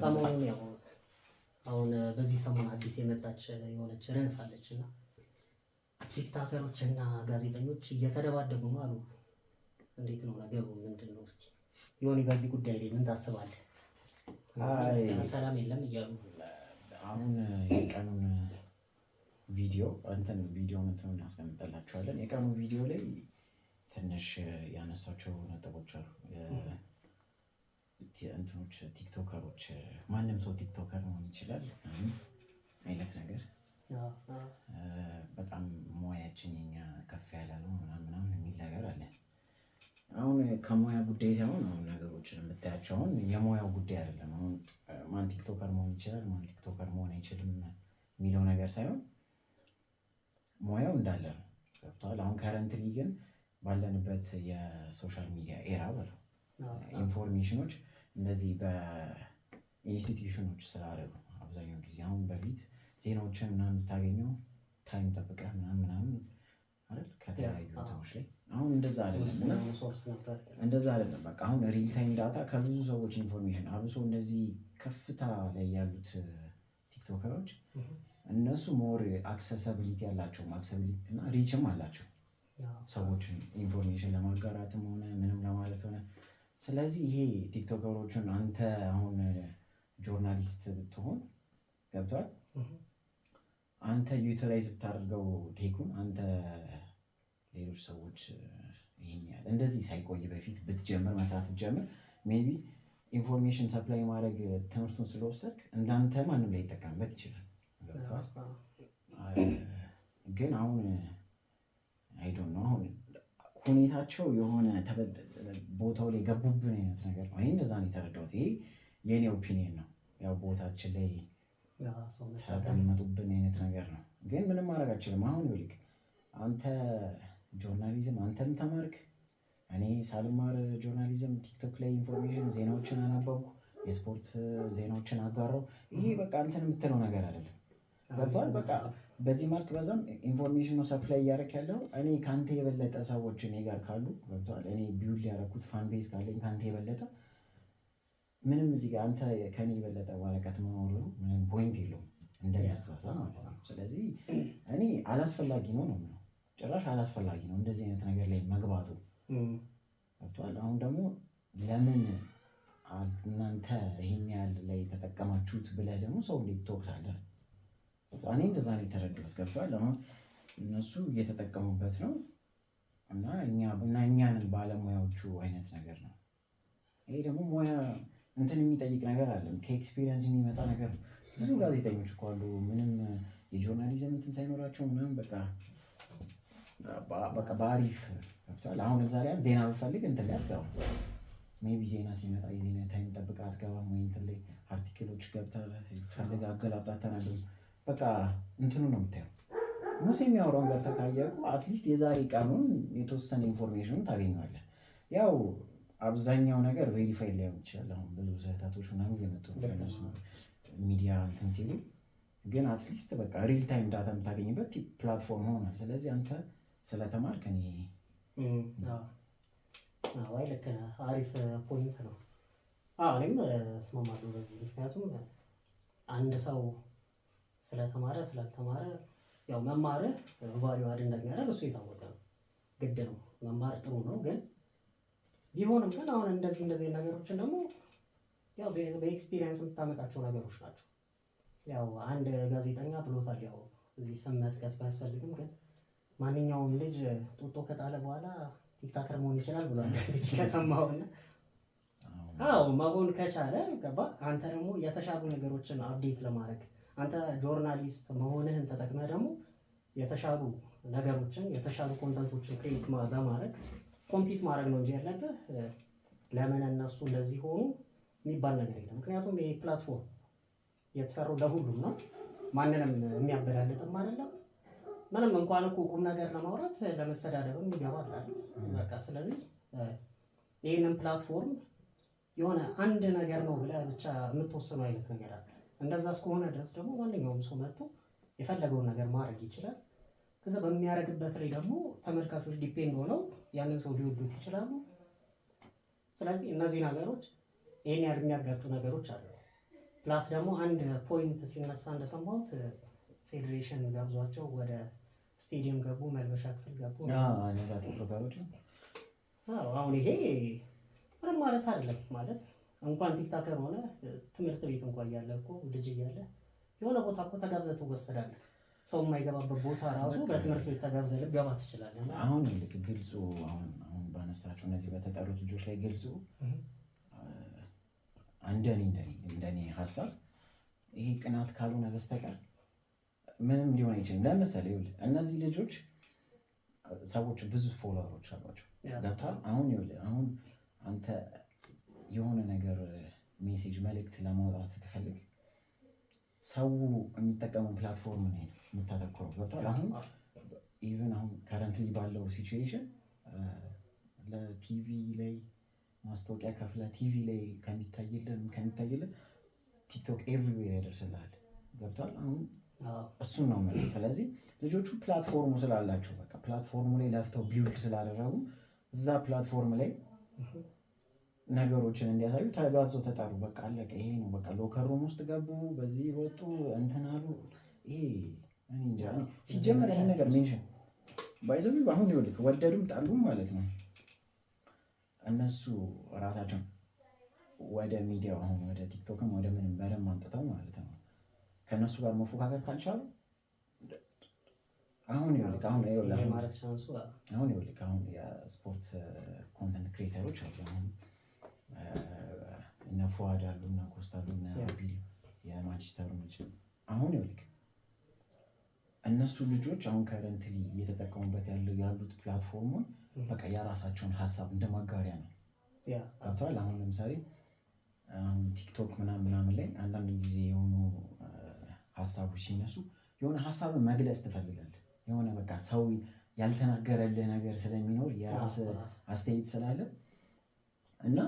ሰሞኑን ያው አሁን በዚህ ሰሞን አዲስ የመጣች የሆነች ርዕስ አለች እና ቲክታከሮች እና ጋዜጠኞች እየተደባደቡ ነው አሉ። እንዴት ነው ነገሩ? ምንድን ነው እስቲ በዚህ ጉዳይ ላይ ምን ታስባለህ? ሰላም የለም እያሉ አሁን የቀኑን ቪዲዮ እንትን ቪዲዮ እንትን እናስቀምጠላችኋለን። የቀኑ ቪዲዮ ላይ ትንሽ ያነሷቸው ነጥቦች አሉ እንትኖች ቲክቶከሮች ማንም ሰው ቲክቶከር መሆን ይችላል አይነት ነገር በጣም ሙያችን የኛ ከፍ ያለ ነው ምናምን የሚል ነገር አለ። አሁን ከሙያ ጉዳይ ሳይሆን አሁን ነገሮችን የምታያቸው አሁን የሙያው ጉዳይ አይደለም። አሁን ማን ቲክቶከር መሆን ይችላል ማን ቲክቶከር መሆን አይችልም የሚለው ነገር ሳይሆን ሙያው እንዳለ ነው። ገብቶሃል? አሁን ከረንትሊ ግን ባለንበት የሶሻል ሚዲያ ኤራ በለው ኢንፎርሜሽኖች እነዚህ በኢንስቲትዩሽኖች ስላደረጉ አብዛኛው ጊዜ አሁን በፊት ዜናዎችን ምናምን የምታገኘው ታይም ጠብቀህ ምናምን ምናምን አይደል ከተለያዩ ቦታዎች ላይ አሁን እንደዛ አይደለም፣ እንደዛ አይደለም። በቃ አሁን ሪል ታይም ዳታ ከብዙ ሰዎች ኢንፎርሜሽን አብሶ እንደዚህ ከፍታ ላይ ያሉት ቲክቶከሮች እነሱ ሞር አክሰሳቢሊቲ ያላቸው አክሰቢሊቲ እና ሪችም አላቸው ሰዎችን ኢንፎርሜሽን ለማጋራትም ሆነ ምንም ለማለት ሆነ ስለዚህ ይሄ ቲክቶከሮቹን አንተ አሁን ጆርናሊስት ብትሆን ገብቷል አንተ ዩቲላይዝ ብታደርገው ቴኩን አንተ ሌሎች ሰዎች ይህን ያህል እንደዚህ ሳይቆይ በፊት ብትጀምር መስራት ብትጀምር ሜይ ቢ ኢንፎርሜሽን ሰፕላይ ማድረግ ትምህርቱን ስለወሰድክ እንዳንተ ማንም ላይ ይጠቀምበት ይችላል። ግን አሁን አይዶን ነው አሁን ሁኔታቸው የሆነ ቦታው ላይ ገቡብን አይነት ነገር ነው። ይህ እንደዛ ነው የተረዳሁት። ይሄ የእኔ ኦፒኒየን ነው። ያው ቦታችን ላይ ተቀመጡብን አይነት ነገር ነው። ግን ምንም ማድረግ አችልም። አሁን ይልቅ አንተ ጆርናሊዝም አንተም ተማርክ፣ እኔ ሳልማር ጆርናሊዝም ቲክቶክ ላይ ኢንፎርሜሽን ዜናዎችን አነበብኩ፣ የስፖርት ዜናዎችን አጋራው። ይሄ በቃ አንተን የምትለው ነገር አይደለም። ገብቷል በቃ በዚህ መልክ በዛም ነው ሰፕላይ እያደረክ ያለው እኔ ከአንተ የበለጠ ሰዎች እኔ ጋር ካሉ ገብተዋል። እኔ ቢውል ያደረኩት ፋን ቤዝ ካለኝ ከአንተ የበለጠ ምንም እዚህ ጋር አንተ ከኔ የበለጠ ወረቀት መኖሩ ምንም ፖይንት የለውም እንደሚያስተሳሰብ ማለት ነው። ስለዚህ እኔ አላስፈላጊ ነው ነው ምለው ጭራሽ አላስፈላጊ ነው እንደዚህ አይነት ነገር ላይ መግባቱ ገብተዋል። አሁን ደግሞ ለምን እናንተ ይህን ያህል ላይ ተጠቀማችሁት ብለህ ደግሞ ሰው እንዴት ትወቅሳለህ? እኔ እንደዛ ነው የተረዳሁት። ገብቷል። አሁን እነሱ እየተጠቀሙበት ነው እና እኛንን ባለሙያዎቹ አይነት ነገር ነው። ይሄ ደግሞ ሙያ እንትን የሚጠይቅ ነገር አለም፣ ከኤክስፒሪየንስ የሚመጣ ነገር ብዙ ጋዜጠኞች እኮ አሉ ምንም የጆርናሊዝም እንትን ሳይኖራቸው ምናምን በቃ በቃ በአሪፍ ገብቷል። አሁን ለምሳሌ ዜና ብፈልግ እንትን ላይ አትገባም። ሜይ ቢ ዜና ሲመጣ የዜና ታይም ጠብቃ አትገባም። ወይ እንትን ላይ አርቲክሎች ገብተህ ፈልግ አገላብጣ ተናገሩ በቃ እንትኑ ነው የምታየው። ሙሴ የሚያወራውን ጋር ተካያቁ አትሊስት የዛሬ ቀኑን የተወሰነ ኢንፎርሜሽኑ ታገኘዋለን። ያው አብዛኛው ነገር ቬሪፋይ ላይሆን ይችላል። አሁን ብዙ ስህተቶች ምናምን እየመጡ ከነሱ ሚዲያ እንትን ሲሉ ግን አትሊስት በቃ ሪል ታይም ዳታ የምታገኝበት ፕላትፎርም ሆኗል። ስለዚህ አንተ ስለተማርክ እኔ ዋይ ልክ አሪፍ ፖይንት ነው። እኔም እስማማለሁ በዚህ ምክንያቱም አንድ ሰው ስለተማረ ስላልተማረ ያው መማርህ ቫሊዩ አድ እንደሚያደርግ እሱ የታወቀ ነው። ግድ ነው መማር ጥሩ ነው። ግን ቢሆንም ግን አሁን እንደዚህ እንደዚህ ነገሮችን ደግሞ ያው በኤክስፒሪየንስ የምታመጣቸው ነገሮች ናቸው። ያው አንድ ጋዜጠኛ ብሎታል። ያው እዚህ ስም መጥቀስ ባያስፈልግም ግን ማንኛውም ልጅ ጡጦ ከጣለ በኋላ ቲክታከር መሆን ይችላል ብሏል። ከሰማሁና አዎ መሆን ከቻለ ገባ አንተ ደግሞ የተሻሉ ነገሮችን አብዴት ለማድረግ አንተ ጆርናሊስት መሆንህን ተጠቅመህ ደግሞ የተሻሉ ነገሮችን የተሻሉ ኮንተንቶችን ክሬት በማድረግ ኮምፒት ማድረግ ነው እንጂ ያለብህ ለምን እነሱ እንደዚህ ሆኑ የሚባል ነገር የለም። ምክንያቱም ይህ ፕላትፎርም የተሰራው ለሁሉም ነው። ማንንም የሚያበላልጥም አይደለም። ምንም እንኳን እኮ ቁም ነገር ለማውራት ለመሰዳደብም ይገባል። በቃ ስለዚህ ይህንን ፕላትፎርም የሆነ አንድ ነገር ነው ብለህ ብቻ የምትወስኑ አይነት ነገር አለ እንደዛ እስከሆነ ድረስ ደግሞ ማንኛውም ሰው መጥቶ የፈለገውን ነገር ማድረግ ይችላል። ከዛ በሚያደርግበት ላይ ደግሞ ተመልካቾች ዲፔንድ ሆነው ያንን ሰው ሊወዱት ይችላሉ። ስለዚህ እነዚህ ነገሮች ይህን ያህል የሚያጋጩ ነገሮች አሉ። ፕላስ ደግሞ አንድ ፖይንት ሲነሳ እንደሰማሁት ፌዴሬሽን ገብዟቸው ወደ ስቴዲየም ገቡ፣ መልበሻ ክፍል ገቡ። አሁን ይሄ ምንም ማለት አይደለም ማለት እንኳን ቲክታከር ሆነ ትምህርት ቤት እንኳን እያለ እኮ ልጅ እያለ የሆነ ቦታ እኮ ተጋብዘ ትወሰዳለ። ሰው የማይገባበት ቦታ ራሱ በትምህርት ቤት ተጋብዘ ልገባ ትችላለህ። አሁን ይልቅ ግልጹ አሁን አሁን ባነሳቸው እነዚህ በተጠሩት ልጆች ላይ ግልጹ እንደኔ እንደኔ ሀሳብ ይሄ ቅናት ካልሆነ በስተቀር ምንም ሊሆን አይችልም። ለምሳሌ ይኸውልህ እነዚህ ልጆች ሰዎች ብዙ ፎሎወሮች አሏቸው። ገብቷል። አሁን ይኸውልህ አሁን አንተ የሆነ ነገር ሜሴጅ መልእክት ለማውጣት ስትፈልግ ሰው የሚጠቀመው ፕላትፎርም ነው የምታተኩረው። ገብቷል። አሁን ኢቨን አሁን ከረንትሊ ባለው ሲቹዌሽን ለቲቪ ላይ ማስታወቂያ ከፍለ ቲቪ ላይ ከሚታይልን ከሚታይልን ቲክቶክ ኤቭሪዌር ያደርስልሃል። ገብቷል። አሁን እሱን ነው የምልህ። ስለዚህ ልጆቹ ፕላትፎርሙ ስላላቸው በቃ ፕላትፎርሙ ላይ ለፍተው ቢውልድ ስላደረጉ እዛ ፕላትፎርም ላይ ነገሮችን እንዲያሳዩ ተጋብዘው ተጠሩ። በቃ አለቀ። ይሄ ነው በቃ። ሎከር ውስጥ ገቡ፣ በዚህ ወጡ፣ እንትን አሉ። ይሄ እንጃ ሲጀመር ይሄን ነገር ሜንሽን ባይዘቢ አሁን ይኸውልህ ወደዱም ጣሉም ማለት ነው እነሱ እራሳቸው ወደ ሚዲያው አሁን ወደ ቲክቶክም ወደ ምንም በደንብ አምጥተው ማለት ነው ከእነሱ ጋር መፎካከር ካልቻሉ አሁን ይኸውልህ አሁን ይኸውልህ አሁን የስፖርት ኮንተንት ክሬተሮች አሉ አሁን ፎዋድ አሉ እና ኮስታሉ እና ቢል የማንቸስተሩ ልጅ አሁን ይልክ እነሱ ልጆች አሁን ከረንትሊ እየተጠቀሙበት ያሉት ፕላትፎርሙን በቃ የራሳቸውን ሀሳብ እንደ ማጋሪያ ነው ገብተዋል። አሁን ለምሳሌ ቲክቶክ ምናምን ምናምን ላይ አንዳንድ ጊዜ የሆኑ ሀሳቦች ሲነሱ የሆነ ሀሳብን መግለጽ ትፈልጋለህ። የሆነ በቃ ሰው ያልተናገረልህ ነገር ስለሚኖር የራስ አስተያየት ስላለ እና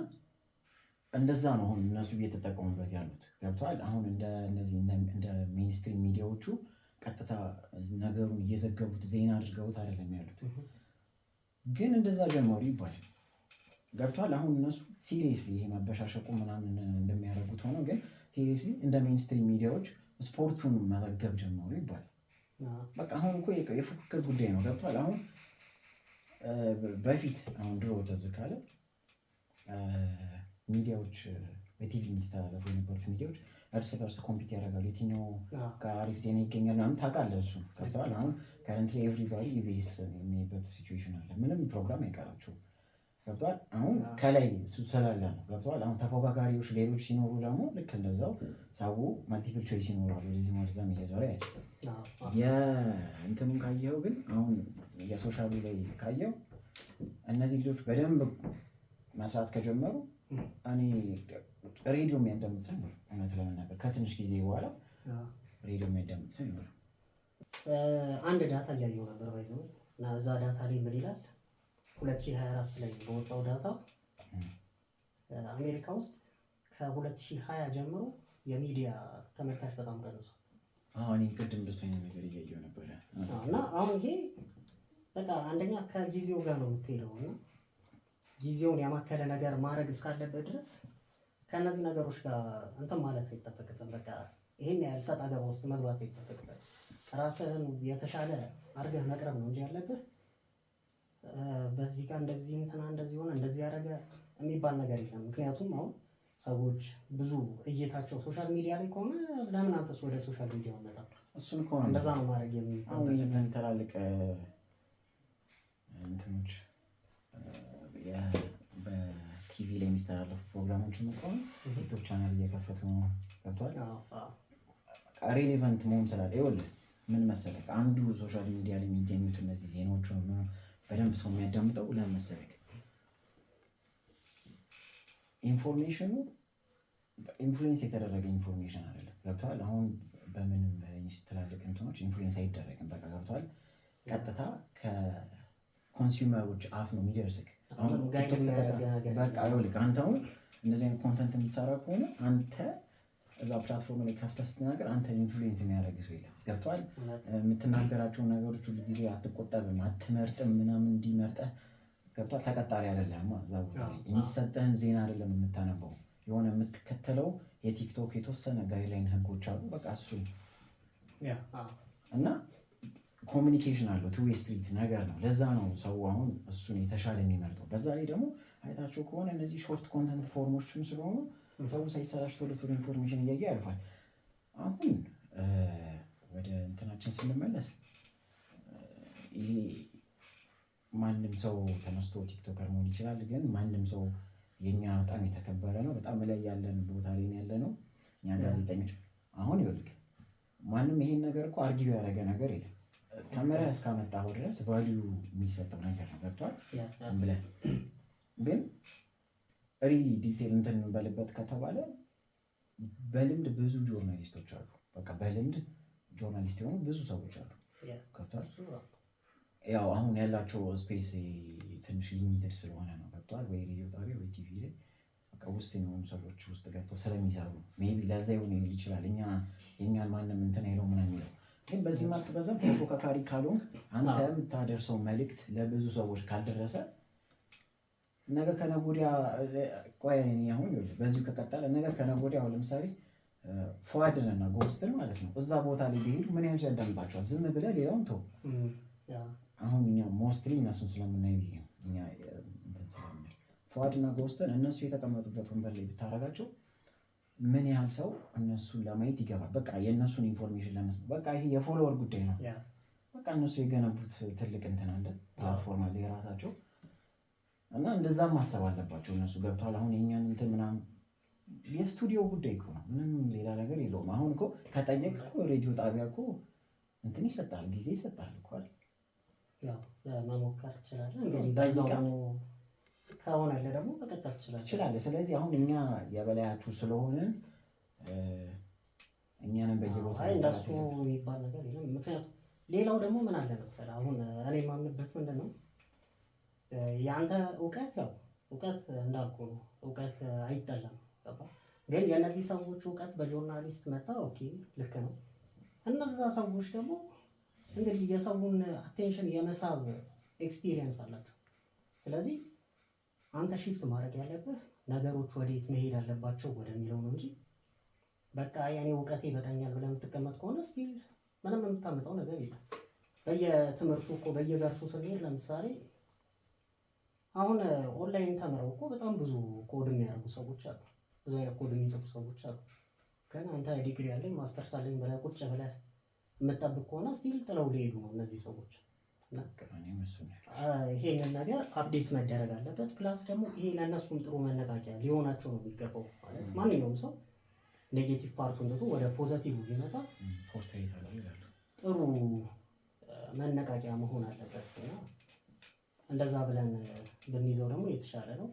እንደዛ ነው አሁን እነሱ እየተጠቀሙበት ያሉት ገብተዋል። አሁን እንደነዚህ እንደ ሚኒስትሪ ሚዲያዎቹ ቀጥታ ነገሩን እየዘገቡት ዜና አድርገውት አይደለም ያሉት፣ ግን እንደዛ ጀመሩ ይባላል ገብተዋል። አሁን እነሱ ሲሪየስሊ ይሄ መበሻሸቁ ምናምን እንደሚያደርጉት ሆነ ግን ሲሪየስሊ እንደ ሚኒስትሪ ሚዲያዎች ስፖርቱን መዘገብ ጀመሩ ይባላል። በቃ አሁን እኮ የፉክክር ጉዳይ ነው ገብተዋል። አሁን በፊት አሁን ድሮ ተዝካለ። ሚዲያዎች በቲቪ የሚስተላለፉ የነበሩት ሚዲያዎች እርስ በርስ ኮምፒት ያደርጋሉ። የትኛው ጋር አሪፍ ዜና ይገኛል ምናምን ታውቃለህ። እሱ ገብተዋል። አሁን ከረንት ኤቭሪባዲ ኢቢኤስ የሚሄድበት ሲቹዌሽን አለ። ምንም ፕሮግራም አይቀራቸው። ገብተዋል። አሁን ከላይ እሱ ስላለ ነው። ገብተዋል። አሁን ተፎካካሪዎች ሌሎች ሲኖሩ ደግሞ ልክ እንደዛው ሰው መልቲፕል ቾይስ ይኖራሉ። ዚ መርዛም እየዞረ ያለ የእንትኑን ካየው ግን አሁን የሶሻሉ ላይ ካየው እነዚህ ልጆች በደንብ መስራት ከጀመሩ እኔ ሬዲዮ የሚያዳምጥ ሰው ይኖር፣ እውነት ለመናገር ከትንሽ ጊዜ በኋላ ሬዲዮ የሚያዳምጥ ሰው ይኖር። አንድ ዳታ እያየሁ ነበር ባይዘው እና እዛ ዳታ ላይ ምን ይላል? 2024 ላይ በወጣው ዳታ አሜሪካ ውስጥ ከ2020 ጀምሮ የሚዲያ ተመልካች በጣም ቀንሷል። እኔም ቅድም ደስ አይነት ነገር እያየሁ ነበረ እና አሁን ይሄ በቃ አንደኛ ከጊዜው ጋር ነው የምትሄደው እና ጊዜውን ያማከለ ነገር ማድረግ እስካለበት ድረስ ከእነዚህ ነገሮች ጋር እንትን ማለት አይጠበቅብን። በቃ ይህን ያህል ሰጥ አገባ ውስጥ መግባት አይጠበቅብን። ራስህን የተሻለ አድርገህ መቅረብ ነው እንጂ ያለብህ በዚህ ጋር እንደዚህ እንትና እንደዚህ ሆነ እንደዚህ ያደረገ የሚባል ነገር የለም። ምክንያቱም አሁን ሰዎች ብዙ እይታቸው ሶሻል ሚዲያ ላይ ከሆነ ለምን አንተስ ወደ ሶሻል ሚዲያ መጣ? እሱን ከሆነ እንደዛ ነው ማድረግ የሚ ትላልቅ እንትኖች ቲቪ ላይ የሚስተላለፉ ፕሮግራሞች እንኳን ዩቱብ ቻናል እየከፈቱ ነው። ገብቷል። ሬሌቨንት መሆን ስላለ ይኸውልህ ምን መሰለክ፣ አንዱ ሶሻል ሚዲያ ላይ የሚገኙት እነዚህ ዜናዎች በደንብ ሰው የሚያዳምጠው ለምን መሰለክ፣ ኢንፎርሜሽኑ ኢንፍሉዌንስ የተደረገ ኢንፎርሜሽን አይደለም። ገብቷል። አሁን በምንም ትላልቅ እንትኖች ኢንፍሉዌንስ አይደረግም። በቃ ገብቷል። ቀጥታ ከኮንሱመሮች አፍ ነው የሚደርስክ አንተ አሁን እንደዚህ አይነት ኮንተንት የምትሰራ ከሆነ አንተ እዛ ፕላትፎርም ላይ ከፍተህ ስትናገር አንተ ኢንፍሉዌንስ የሚያደርግ ሰው የለም። ገብቶሃል? የምትናገራቸውን ነገሮች ሁሉ ጊዜ አትቆጠብም፣ አትመርጥም፣ ምናምን እንዲመርጠህ ገብቶሃል? ተቀጣሪ አይደለም። እዛ ቦታ የሚሰጠህን ዜና አይደለም የምታነበው። የሆነ የምትከተለው የቲክቶክ የተወሰነ ጋይድላይን ህጎች አሉ። በቃ እሱ እና ኮሚኒኬሽን አለው ቱ ዌይ ስትሪት ነገር ነው። ለዛ ነው ሰው አሁን እሱን የተሻለ የሚመርጠው። በዛ ላይ ደግሞ አይታቸው ከሆነ እነዚህ ሾርት ኮንተንት ፎርሞችም ስለሆኑ ሰው ሳይሰራሽ ቶሎ ቶሎ ኢንፎርሜሽን እያየ ያልፋል። አሁን ወደ እንትናችን ስንመለስ ይሄ ማንም ሰው ተነስቶ ቲክቶከር መሆን ይችላል። ግን ማንም ሰው የኛ በጣም የተከበረ ነው። በጣም ላይ ያለን ቦታ ላይ ያለ ነው። እኛ ጋዜጠኞች አሁን ይልክ ማንም ይሄን ነገር እኮ አርጊው ያደረገ ነገር የለም ጨምረህ እስካመጣሁ ድረስ ቫሊዩ የሚሰጠው ነገር ነው። ገብቷል። ዝም ብለህ ግን ሪ ዲቴል እንትን እንበልበት ከተባለ በልምድ ብዙ ጆርናሊስቶች አሉ። በቃ በልምድ ጆርናሊስት የሆኑ ብዙ ሰዎች አሉ። ገብቷል። ያው አሁን ያላቸው ስፔስ ትንሽ ሊሚትድ ስለሆነ ነው። ገብቷል። ወይ ሬዲዮ ጣቢያ ወይ ቲቪ ላይ ውስጥ የሆኑ ሰዎች ውስጥ ገብተው ስለሚሰሩ ሜይ ቢ ለዛ ይሆን ይችላል። እኛ የእኛን ማንም እንትን አይለው ምናምን የሚለው ግን በዚህ መልክ በዛም ተፎካካሪ ካልሆንክ አንተ የምታደርሰው መልእክት ለብዙ ሰዎች ካልደረሰ ነገ ከነገ ወዲያ ቆይ አሁን በዚሁ ከቀጠለ ነገ ከነገ ወዲያ አሁን ለምሳሌ ፏድንና ጎስትን ማለት ነው እዛ ቦታ ላይ ቢሄዱ ምን ያህል ያዳምጣቸዋል? ዝም ብለህ ሌላውን ተው። አሁን እኛ ሞስትሊ እነሱን ስለምናይ ፏድና ጎስትን እነሱ የተቀመጡበት ወንበር ላይ ብታረጋቸው ምን ያህል ሰው እነሱን ለማየት ይገባል። በቃ የእነሱን ኢንፎርሜሽን ለመስጠት በቃ ይሄ የፎሎወር ጉዳይ ነው። በቃ እነሱ የገነቡት ትልቅ እንትን አለ ፕላትፎርም አለ የራሳቸው እና እንደዛም ማሰብ አለባቸው እነሱ ገብተዋል። አሁን የኛን እንትን ምናምን የስቱዲዮ ጉዳይ እኮ ነው፣ ምንም ሌላ ነገር የለውም። አሁን እኮ ከጠየቅ እኮ ሬዲዮ ጣቢያ እኮ እንትን ይሰጣል፣ ጊዜ ይሰጣል እኮ መሞከር ይችላል እንግዲህ ከሆነለ ደግሞ መቀጠል ትችላለህ። ስለዚህ አሁን እኛ የበላያችሁ ስለሆነ እኛንም በየቦታ እንደሱ የሚባል ነገር የለም። ምክንያቱም ሌላው ደግሞ ምን አለ መሰለህ አሁን እኔ የማምንበት ምንድን ነው የአንተ እውቀት ያው እውቀት እንዳልኩ ነው። እውቀት አይጠላም። ግን የእነዚህ ሰዎች እውቀት በጆርናሊስት መጣ፣ ኦኬ ልክ ነው። እነዛ ሰዎች ደግሞ እንግዲህ የሰውን አቴንሽን የመሳብ ኤክስፒሪየንስ አላቸው። ስለዚህ አንተ ሺፍት ማድረግ ያለብህ ነገሮች ወዴት መሄድ አለባቸው ወደሚለው ነው እንጂ በቃ የኔ እውቀቴ ይበቃኛል ብለህ የምትቀመጥ ከሆነ ስቲል ምንም የምታመጣው ነገር የለም። በየትምህርቱ እኮ በየዘርፉ ስንሄድ ለምሳሌ አሁን ኦንላይን ተምረው እኮ በጣም ብዙ ኮድ የሚያደርጉ ሰዎች አሉ። ብዙ አይነት ኮድ የሚጽፉ ሰዎች አሉ። ግን አንተ ዲግሪ አለኝ ማስተርስ አለኝ ብለህ ቁጭ ብለህ የምጠብቅ ከሆነ ስቲል ጥለው ሊሄዱ ነው እነዚህ ሰዎች። ይሄንን ነገር አፕዴት መደረግ አለበት። ፕላስ ደግሞ ይሄ ለእነሱም ጥሩ መነቃቂያ ሊሆናቸው ነው የሚገባው። ማለት ማንኛውም ሰው ኔጌቲቭ ፓርቱን ትቶ ወደ ፖዘቲቭ ቢመጣ ጥሩ መነቃቂያ መሆን አለበት እንደዛ ብለን ብንይዘው ደግሞ የተሻለ ነው።